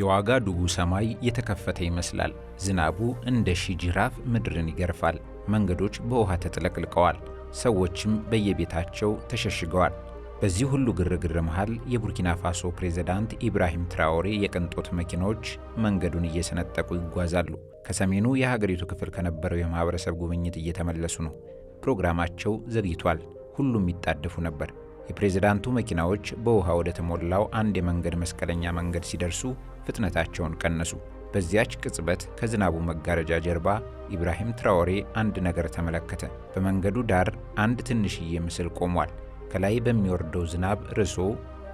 የዋጋ ዱጉ ሰማይ የተከፈተ ይመስላል። ዝናቡ እንደ ሺ ጅራፍ ምድርን ይገርፋል። መንገዶች በውሃ ተጥለቅልቀዋል። ሰዎችም በየቤታቸው ተሸሽገዋል። በዚህ ሁሉ ግርግር መሃል የቡርኪና ፋሶ ፕሬዝዳንት ኢብራሂም ትራኦሬ የቅንጦት መኪናዎች መንገዱን እየሰነጠቁ ይጓዛሉ። ከሰሜኑ የሀገሪቱ ክፍል ከነበረው የማኅበረሰብ ጉብኝት እየተመለሱ ነው። ፕሮግራማቸው ዘግይቷል። ሁሉም ይጣደፉ ነበር። የፕሬዝዳንቱ መኪናዎች በውሃ ወደ ተሞላው አንድ የመንገድ መስቀለኛ መንገድ ሲደርሱ ፍጥነታቸውን ቀነሱ። በዚያች ቅጽበት ከዝናቡ መጋረጃ ጀርባ ኢብራሂም ትራኦሬ አንድ ነገር ተመለከተ። በመንገዱ ዳር አንድ ትንሽዬ ምስል ቆሟል። ከላይ በሚወርደው ዝናብ ርሶ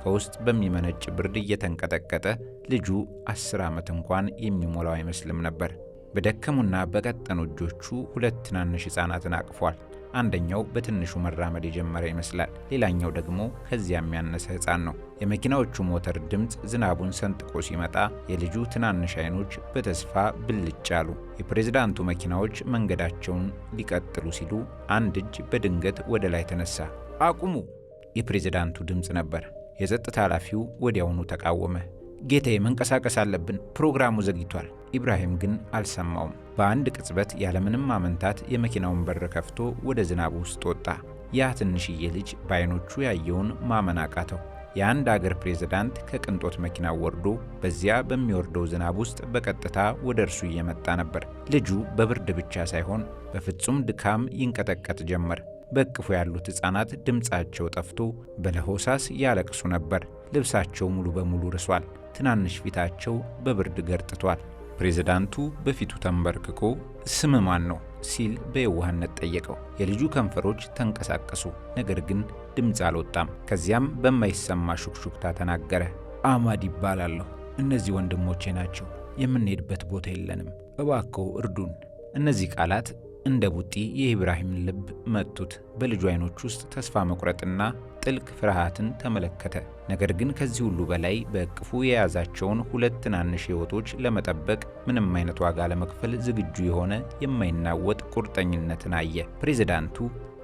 ከውስጥ በሚመነጭ ብርድ እየተንቀጠቀጠ ልጁ አስር ዓመት እንኳን የሚሞላው አይመስልም ነበር። በደከሙና በቀጠኑ እጆቹ ሁለት ትናንሽ ሕፃናትን አቅፏል። አንደኛው በትንሹ መራመድ የጀመረ ይመስላል። ሌላኛው ደግሞ ከዚያም የሚያነሰ ሕፃን ነው። የመኪናዎቹ ሞተር ድምፅ ዝናቡን ሰንጥቆ ሲመጣ የልጁ ትናንሽ አይኖች በተስፋ ብልጭ አሉ። የፕሬዝዳንቱ መኪናዎች መንገዳቸውን ሊቀጥሉ ሲሉ አንድ እጅ በድንገት ወደ ላይ ተነሳ። አቁሙ! የፕሬዝዳንቱ ድምፅ ነበር። የጸጥታ ኃላፊው ወዲያውኑ ተቃወመ። ጌታዬ መንቀሳቀስ አለብን፣ ፕሮግራሙ ዘግይቷል። ኢብራሂም ግን አልሰማውም። በአንድ ቅጽበት ያለምንም አመንታት የመኪናውን በር ከፍቶ ወደ ዝናቡ ውስጥ ወጣ። ያ ትንሽዬ ልጅ በአይኖቹ ያየውን ማመን አቃተው። የአንድ አገር ፕሬዝዳንት ከቅንጦት መኪና ወርዶ በዚያ በሚወርደው ዝናብ ውስጥ በቀጥታ ወደ እርሱ እየመጣ ነበር። ልጁ በብርድ ብቻ ሳይሆን በፍጹም ድካም ይንቀጠቀጥ ጀመር። በእቅፉ ያሉት ሕፃናት ድምፃቸው ጠፍቶ በለሆሳስ ያለቅሱ ነበር። ልብሳቸው ሙሉ በሙሉ ርሷል። ትናንሽ ፊታቸው በብርድ ገርጥቷል። ፕሬዝዳንቱ በፊቱ ተንበርክኮ ስም ማን ነው ሲል በየዋህነት ጠየቀው። የልጁ ከንፈሮች ተንቀሳቀሱ፣ ነገር ግን ድምፅ አልወጣም። ከዚያም በማይሰማ ሹክሹክታ ተናገረ። አማድ ይባላለሁ። እነዚህ ወንድሞቼ ናቸው። የምንሄድበት ቦታ የለንም። እባክዎ እርዱን። እነዚህ ቃላት እንደ ቡጢ የኢብራሂምን ልብ መቱት። በልጁ አይኖች ውስጥ ተስፋ መቁረጥና ጥልቅ ፍርሃትን ተመለከተ። ነገር ግን ከዚህ ሁሉ በላይ በእቅፉ የያዛቸውን ሁለት ትናንሽ ሕይወቶች ለመጠበቅ ምንም አይነት ዋጋ ለመክፈል ዝግጁ የሆነ የማይናወጥ ቁርጠኝነትን አየ። ፕሬዚዳንቱ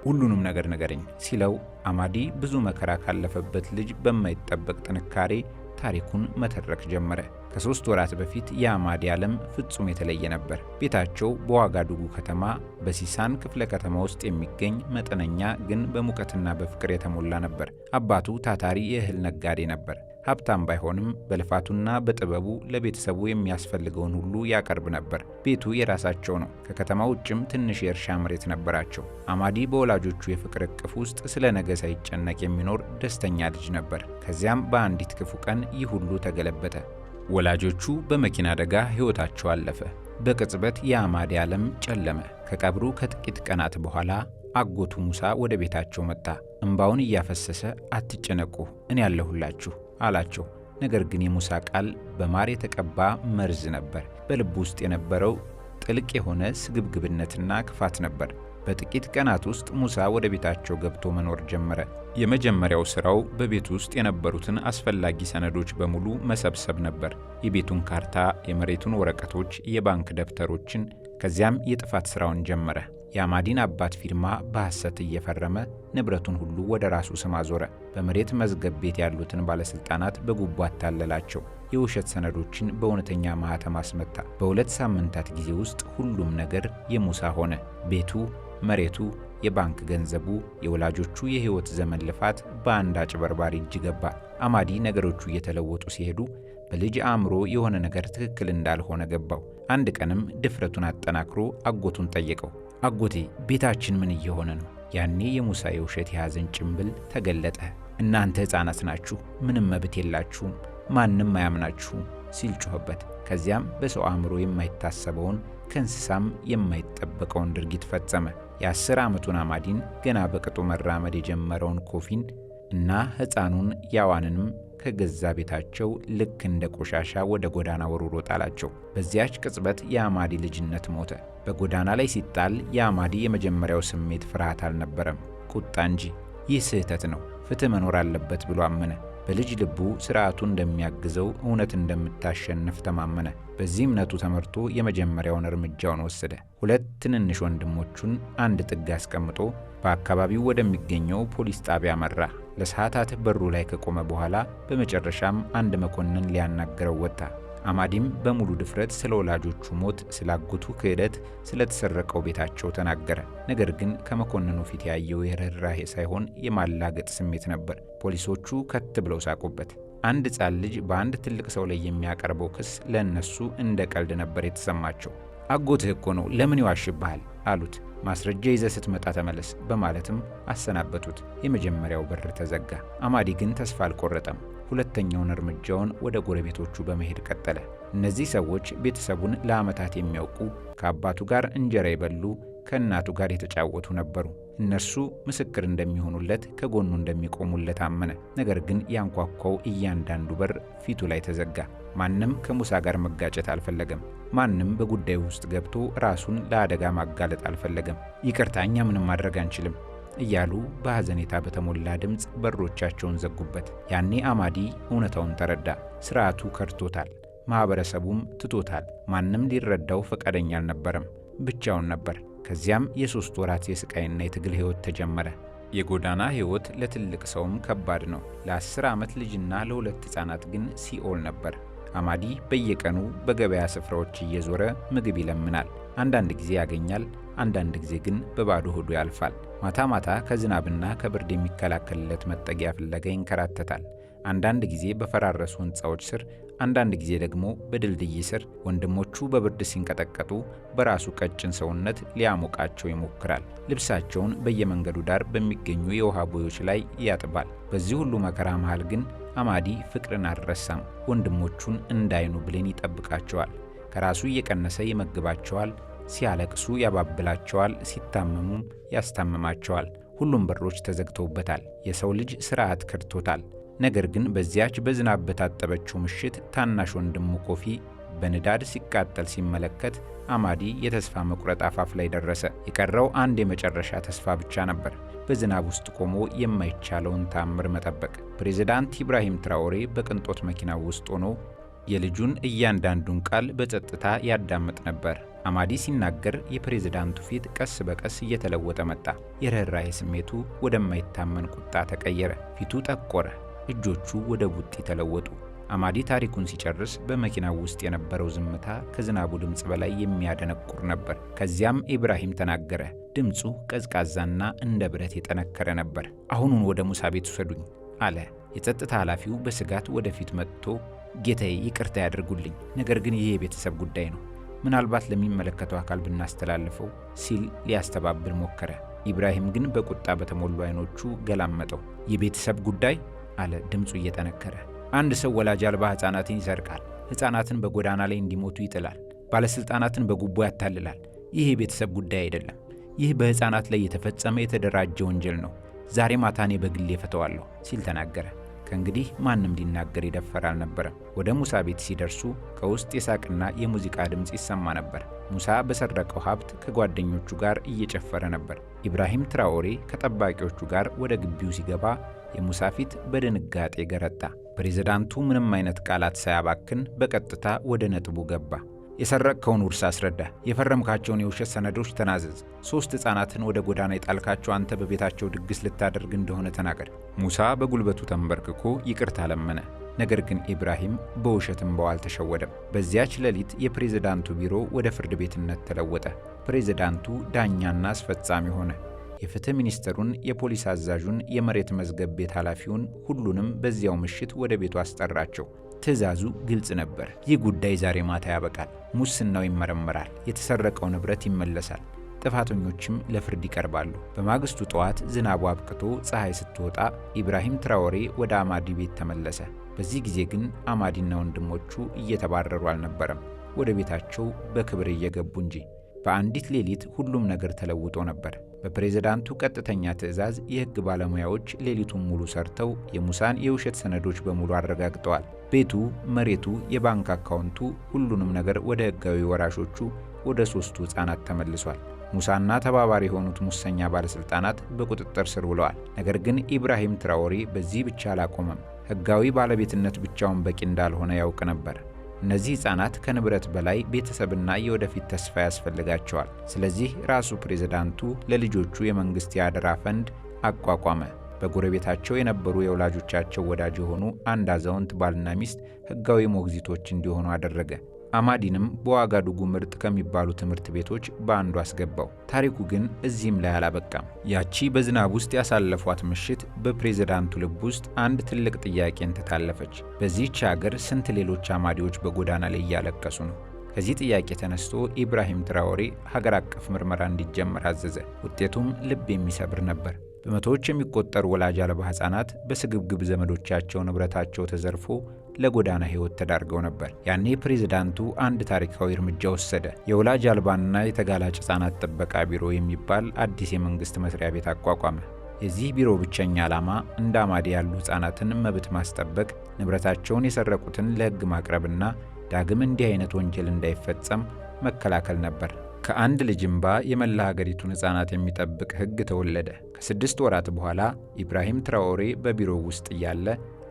ሁሉንም ነገር ንገረኝ ሲለው አማዲ ብዙ መከራ ካለፈበት ልጅ በማይጠበቅ ጥንካሬ ታሪኩን መተረክ ጀመረ። ከሶስት ወራት በፊት የአማዲ ዓለም ፍጹም የተለየ ነበር። ቤታቸው በዋጋዱጉ ከተማ በሲሳን ክፍለ ከተማ ውስጥ የሚገኝ መጠነኛ ግን በሙቀትና በፍቅር የተሞላ ነበር። አባቱ ታታሪ የእህል ነጋዴ ነበር። ሀብታም ባይሆንም በልፋቱና በጥበቡ ለቤተሰቡ የሚያስፈልገውን ሁሉ ያቀርብ ነበር። ቤቱ የራሳቸው ነው። ከከተማ ውጭም ትንሽ የእርሻ መሬት ነበራቸው። አማዲ በወላጆቹ የፍቅር እቅፍ ውስጥ ስለ ነገ ሳይጨነቅ የሚኖር ደስተኛ ልጅ ነበር። ከዚያም በአንዲት ክፉ ቀን ይህ ሁሉ ተገለበጠ። ወላጆቹ በመኪና አደጋ ሕይወታቸው አለፈ። በቅጽበት የአማዲ ዓለም ጨለመ። ከቀብሩ ከጥቂት ቀናት በኋላ አጎቱ ሙሳ ወደ ቤታቸው መጣ። እምባውን እያፈሰሰ አትጨነቁ፣ እኔ ያለሁላችሁ አላቸው። ነገር ግን የሙሳ ቃል በማር የተቀባ መርዝ ነበር። በልብ ውስጥ የነበረው ጥልቅ የሆነ ስግብግብነትና ክፋት ነበር። በጥቂት ቀናት ውስጥ ሙሳ ወደ ቤታቸው ገብቶ መኖር ጀመረ። የመጀመሪያው ሥራው በቤት ውስጥ የነበሩትን አስፈላጊ ሰነዶች በሙሉ መሰብሰብ ነበር። የቤቱን ካርታ፣ የመሬቱን ወረቀቶች፣ የባንክ ደብተሮችን። ከዚያም የጥፋት ሥራውን ጀመረ። የአማዲን አባት ፊርማ በሐሰት እየፈረመ ንብረቱን ሁሉ ወደ ራሱ ስም አዞረ። በመሬት መዝገብ ቤት ያሉትን ባለሥልጣናት በጉቦ አታለላቸው። የውሸት ሰነዶችን በእውነተኛ ማኅተም አስመታ። በሁለት ሳምንታት ጊዜ ውስጥ ሁሉም ነገር የሙሳ ሆነ። ቤቱ፣ መሬቱ፣ የባንክ ገንዘቡ፣ የወላጆቹ የሕይወት ዘመን ልፋት በአንድ አጭበርባሪ እጅ ገባ። አማዲ ነገሮቹ እየተለወጡ ሲሄዱ በልጅ አእምሮ የሆነ ነገር ትክክል እንዳልሆነ ገባው። አንድ ቀንም ድፍረቱን አጠናክሮ አጎቱን ጠየቀው። አጎቴ ቤታችን ምን እየሆነ ነው? ያኔ የሙሳ የውሸት የያዘን ጭምብል ተገለጠ። እናንተ ሕፃናት ናችሁ፣ ምንም መብት የላችሁም፣ ማንም አያምናችሁም ሲል ጮኸበት። ከዚያም በሰው አእምሮ የማይታሰበውን ከእንስሳም የማይጠበቀውን ድርጊት ፈጸመ። የአስር ዓመቱን አማዲን ገና በቅጡ መራመድ የጀመረውን ኮፊን እና ሕፃኑን ያዋንንም ከገዛ ቤታቸው ልክ እንደ ቆሻሻ ወደ ጎዳና ወርውሮ ጣላቸው። በዚያች ቅጽበት የአማዲ ልጅነት ሞተ። በጎዳና ላይ ሲጣል የአማዲ የመጀመሪያው ስሜት ፍርሃት አልነበረም፣ ቁጣ እንጂ። ይህ ስህተት ነው፣ ፍትህ መኖር አለበት ብሎ አመነ። በልጅ ልቡ ስርዓቱ እንደሚያግዘው፣ እውነት እንደምታሸንፍ ተማመነ። በዚህ እምነቱ ተመርቶ የመጀመሪያውን እርምጃውን ወሰደ። ሁለት ትንንሽ ወንድሞቹን አንድ ጥግ አስቀምጦ በአካባቢው ወደሚገኘው ፖሊስ ጣቢያ መራ። ለሰዓታት በሩ ላይ ከቆመ በኋላ በመጨረሻም አንድ መኮንን ሊያናግረው ወጣ። አማዲም በሙሉ ድፍረት ስለ ወላጆቹ ሞት፣ ስለ ክህደት፣ ስለተሰረቀው ቤታቸው ተናገረ። ነገር ግን ከመኮንኑ ፊት ያየው የርኅራሄ ሳይሆን የማላገጥ ስሜት ነበር። ፖሊሶቹ ከት ብለው ሳቁበት። አንድ ሕፃን ልጅ በአንድ ትልቅ ሰው ላይ የሚያቀርበው ክስ ለእነሱ እንደ ቀልድ ነበር የተሰማቸው። አጎትህ እኮ ነው፣ ለምን ይዋሽብሃል? አሉት። ማስረጃ ይዘ ስትመጣ ተመለስ በማለትም አሰናበቱት። የመጀመሪያው በር ተዘጋ። አማዲ ግን ተስፋ አልቆረጠም። ሁለተኛውን እርምጃውን ወደ ጎረቤቶቹ በመሄድ ቀጠለ። እነዚህ ሰዎች ቤተሰቡን ለዓመታት የሚያውቁ ከአባቱ ጋር እንጀራ የበሉ ከእናቱ ጋር የተጫወቱ ነበሩ። እነርሱ ምስክር እንደሚሆኑለት ከጎኑ እንደሚቆሙለት አመነ። ነገር ግን ያንኳኳው እያንዳንዱ በር ፊቱ ላይ ተዘጋ። ማንም ከሙሳ ጋር መጋጨት አልፈለገም። ማንም በጉዳዩ ውስጥ ገብቶ ራሱን ለአደጋ ማጋለጥ አልፈለገም። ይቅርታ፣ እኛ ምንም ማድረግ አንችልም እያሉ በሐዘኔታ በተሞላ ድምፅ በሮቻቸውን ዘጉበት። ያኔ አማዲ እውነታውን ተረዳ። ስርዓቱ ከድቶታል፣ ማኅበረሰቡም ትቶታል። ማንም ሊረዳው ፈቃደኛ አልነበረም። ብቻውን ነበር። ከዚያም የሦስት ወራት የሥቃይና የትግል ሕይወት ተጀመረ። የጎዳና ሕይወት ለትልቅ ሰውም ከባድ ነው። ለአስር ዓመት ልጅና ለሁለት ሕፃናት ግን ሲኦል ነበር። አማዲ በየቀኑ በገበያ ስፍራዎች እየዞረ ምግብ ይለምናል። አንዳንድ ጊዜ ያገኛል፣ አንዳንድ ጊዜ ግን በባዶ ሆዱ ያልፋል። ማታ ማታ ከዝናብና ከብርድ የሚከላከልለት መጠጊያ ፍለጋ ይንከራተታል። አንዳንድ ጊዜ በፈራረሱ ሕንፃዎች ስር፣ አንዳንድ ጊዜ ደግሞ በድልድይ ስር ወንድሞቹ በብርድ ሲንቀጠቀጡ በራሱ ቀጭን ሰውነት ሊያሞቃቸው ይሞክራል። ልብሳቸውን በየመንገዱ ዳር በሚገኙ የውሃ ቦዮች ላይ ያጥባል። በዚህ ሁሉ መከራ መሃል ግን አማዲ ፍቅርን አልረሳም። ወንድሞቹን እንዳይኑ ብሌን ይጠብቃቸዋል። ከራሱ እየቀነሰ ይመግባቸዋል። ሲያለቅሱ ያባብላቸዋል፣ ሲታመሙም ያስታምማቸዋል። ሁሉም በሮች ተዘግተውበታል። የሰው ልጅ ሥርዓት ከድቶታል። ነገር ግን በዚያች በዝናብ በታጠበችው ምሽት ታናሽ ወንድሙ ኮፊ በንዳድ ሲቃጠል ሲመለከት አማዲ የተስፋ መቁረጥ አፋፍ ላይ ደረሰ። የቀረው አንድ የመጨረሻ ተስፋ ብቻ ነበር፤ በዝናብ ውስጥ ቆሞ የማይቻለውን ታምር መጠበቅ። ፕሬዚዳንት ኢብራሂም ትራኦሬ በቅንጦት መኪናው ውስጥ ሆኖ የልጁን እያንዳንዱን ቃል በጸጥታ ያዳምጥ ነበር። አማዲ ሲናገር የፕሬዝዳንቱ ፊት ቀስ በቀስ እየተለወጠ መጣ። የርኅራኄ ስሜቱ ወደማይታመን ቁጣ ተቀየረ። ፊቱ ጠቆረ። እጆቹ ወደ ቡጢ ተለወጡ። አማዲ ታሪኩን ሲጨርስ በመኪናው ውስጥ የነበረው ዝምታ ከዝናቡ ድምፅ በላይ የሚያደነቁር ነበር። ከዚያም ኢብራሂም ተናገረ። ድምፁ ቀዝቃዛና እንደ ብረት የጠነከረ ነበር። አሁኑን ወደ ሙሳ ቤት ውሰዱኝ አለ። የጸጥታ ኃላፊው በስጋት ወደፊት መጥቶ ጌታዬ፣ ይቅርታ ያደርጉልኝ፣ ነገር ግን ይህ የቤተሰብ ጉዳይ ነው፣ ምናልባት ለሚመለከተው አካል ብናስተላልፈው ሲል ሊያስተባብል ሞከረ። ኢብራሂም ግን በቁጣ በተሞሉ አይኖቹ ገላመጠው። የቤተሰብ ጉዳይ አለ ድምፁ እየጠነከረ። አንድ ሰው ወላጅ አልባ ሕፃናትን ይሰርቃል። ሕፃናትን በጎዳና ላይ እንዲሞቱ ይጥላል። ባለሥልጣናትን በጉቦ ያታልላል። ይህ የቤተሰብ ጉዳይ አይደለም። ይህ በሕፃናት ላይ የተፈጸመ የተደራጀ ወንጀል ነው። ዛሬ ማታ እኔ በግሌ ፈተዋለሁ ሲል ተናገረ። ከእንግዲህ ማንም ሊናገር የደፈረ አልነበረም። ወደ ሙሳ ቤት ሲደርሱ ከውስጥ የሳቅና የሙዚቃ ድምፅ ይሰማ ነበር። ሙሳ በሰረቀው ሀብት ከጓደኞቹ ጋር እየጨፈረ ነበር። ኢብራሂም ትራኦሬ ከጠባቂዎቹ ጋር ወደ ግቢው ሲገባ የሙሳ ፊት በድንጋጤ ገረጣ። ፕሬዝዳንቱ ምንም አይነት ቃላት ሳያባክን በቀጥታ ወደ ነጥቡ ገባ። የሰረቅከውን ውርስ አስረዳ፣ የፈረምካቸውን የውሸት ሰነዶች ተናዘዝ፣ ሦስት ሕፃናትን ወደ ጎዳና የጣልካቸው አንተ በቤታቸው ድግስ ልታደርግ እንደሆነ ተናገር። ሙሳ በጉልበቱ ተንበርክኮ ይቅርታ ለመነ። ነገር ግን ኢብራሂም በውሸትም በው አልተሸወደም። በዚያች ሌሊት የፕሬዝዳንቱ ቢሮ ወደ ፍርድ ቤትነት ተለወጠ። ፕሬዝዳንቱ ዳኛና አስፈጻሚ ሆነ። የፍትህ ሚኒስትሩን፣ የፖሊስ አዛዡን፣ የመሬት መዝገብ ቤት ኃላፊውን ሁሉንም በዚያው ምሽት ወደ ቤቱ አስጠራቸው። ትዕዛዙ ግልጽ ነበር። ይህ ጉዳይ ዛሬ ማታ ያበቃል፣ ሙስናው ይመረመራል፣ የተሰረቀው ንብረት ይመለሳል፣ ጥፋተኞችም ለፍርድ ይቀርባሉ። በማግስቱ ጠዋት ዝናቡ አብቅቶ ፀሐይ ስትወጣ ኢብራሂም ትራዎሬ ወደ አማዲ ቤት ተመለሰ። በዚህ ጊዜ ግን አማዲና ወንድሞቹ እየተባረሩ አልነበረም፣ ወደ ቤታቸው በክብር እየገቡ እንጂ። በአንዲት ሌሊት ሁሉም ነገር ተለውጦ ነበር። በፕሬዝዳንቱ ቀጥተኛ ትዕዛዝ የሕግ ባለሙያዎች ሌሊቱን ሙሉ ሰርተው የሙሳን የውሸት ሰነዶች በሙሉ አረጋግጠዋል። ቤቱ፣ መሬቱ፣ የባንክ አካውንቱ፣ ሁሉንም ነገር ወደ ሕጋዊ ወራሾቹ ወደ ሦስቱ ሕፃናት ተመልሷል። ሙሳና ተባባሪ የሆኑት ሙሰኛ ባለሥልጣናት በቁጥጥር ስር ውለዋል። ነገር ግን ኢብራሂም ትራኦሬ በዚህ ብቻ አላቆመም። ሕጋዊ ባለቤትነት ብቻውን በቂ እንዳልሆነ ያውቅ ነበር። እነዚህ ሕፃናት ከንብረት በላይ ቤተሰብና የወደፊት ተስፋ ያስፈልጋቸዋል። ስለዚህ ራሱ ፕሬዝዳንቱ ለልጆቹ የመንግሥት የአደራ ፈንድ አቋቋመ። በጎረቤታቸው የነበሩ የወላጆቻቸው ወዳጅ የሆኑ አንድ አዛውንት ባልና ሚስት ሕጋዊ ሞግዚቶች እንዲሆኑ አደረገ። አማዲንም በዋጋዱጉ ምርጥ ከሚባሉ ትምህርት ቤቶች በአንዱ አስገባው። ታሪኩ ግን እዚህም ላይ አላበቃም። ያቺ በዝናብ ውስጥ ያሳለፏት ምሽት በፕሬዝዳንቱ ልብ ውስጥ አንድ ትልቅ ጥያቄን ትታለፈች። በዚህች አገር ስንት ሌሎች አማዲዎች በጎዳና ላይ እያለቀሱ ነው? ከዚህ ጥያቄ ተነስቶ ኢብራሂም ትራወሬ ሀገር አቀፍ ምርመራ እንዲጀመር አዘዘ። ውጤቱም ልብ የሚሰብር ነበር። በመቶዎች የሚቆጠሩ ወላጅ አልባ ሕፃናት በስግብግብ ዘመዶቻቸው ንብረታቸው ተዘርፎ ለጎዳና ህይወት ተዳርገው ነበር። ያኔ ፕሬዝዳንቱ አንድ ታሪካዊ እርምጃ ወሰደ። የወላጅ አልባና የተጋላጭ ህጻናት ጥበቃ ቢሮ የሚባል አዲስ የመንግስት መስሪያ ቤት አቋቋመ። የዚህ ቢሮ ብቸኛ ዓላማ እንደ አማዴ ያሉ ህጻናትን መብት ማስጠበቅ፣ ንብረታቸውን የሰረቁትን ለህግ ማቅረብና ዳግም እንዲህ አይነት ወንጀል እንዳይፈጸም መከላከል ነበር። ከአንድ ልጅ እንባ የመላ ሀገሪቱን ህጻናት የሚጠብቅ ህግ ተወለደ። ከስድስት ወራት በኋላ ኢብራሂም ትራኦሬ በቢሮው ውስጥ እያለ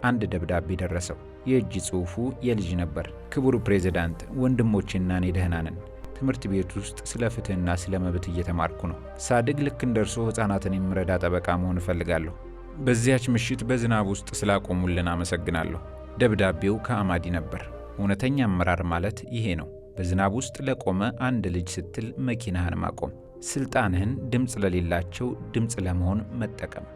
አንድ ደብዳቤ ደረሰው። የእጅ ጽሑፉ የልጅ ነበር። ክቡር ፕሬዝዳንት፣ ወንድሞቼና እኔ ደህና ነን። ትምህርት ቤት ውስጥ ስለ ፍትህና ስለ መብት እየተማርኩ ነው። ሳድግ ልክ እንደ እርሶ ሕፃናትን የምረዳ ጠበቃ መሆን እፈልጋለሁ። በዚያች ምሽት በዝናብ ውስጥ ስላቆሙልን አመሰግናለሁ። ደብዳቤው ከአማዲ ነበር። እውነተኛ አመራር ማለት ይሄ ነው። በዝናብ ውስጥ ለቆመ አንድ ልጅ ስትል መኪናህን ማቆም፣ ስልጣንህን ድምፅ ለሌላቸው ድምፅ ለመሆን መጠቀም